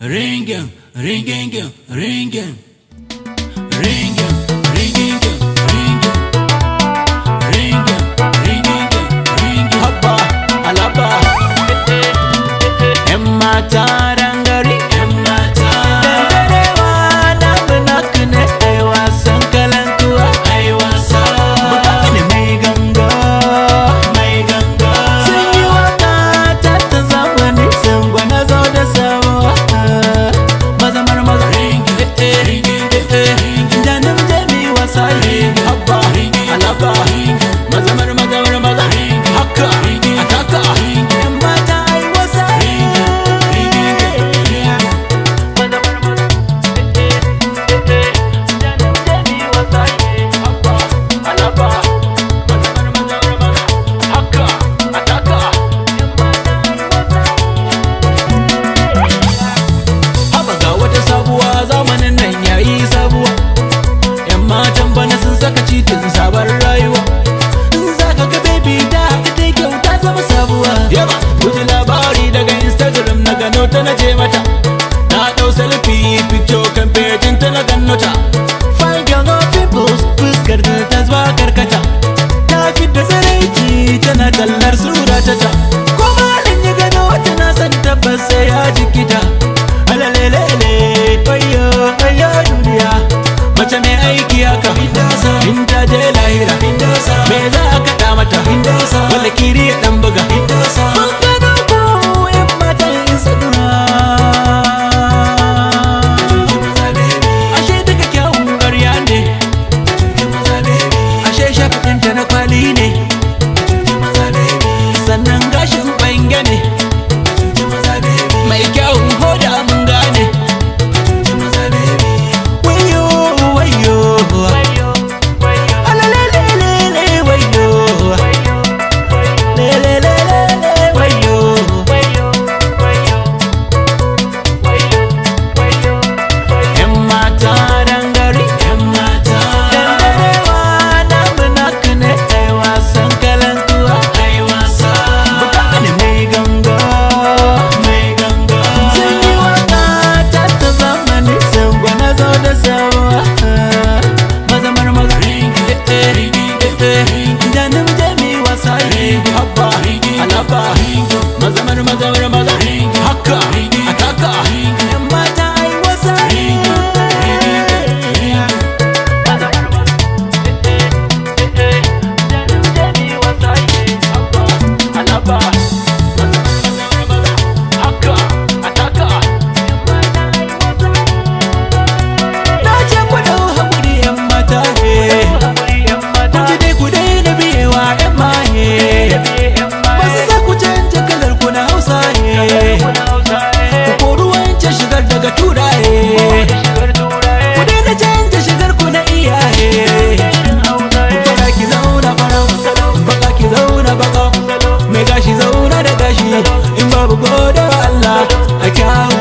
Ringing, ringing, ringing. citizens Bye-bye. Go.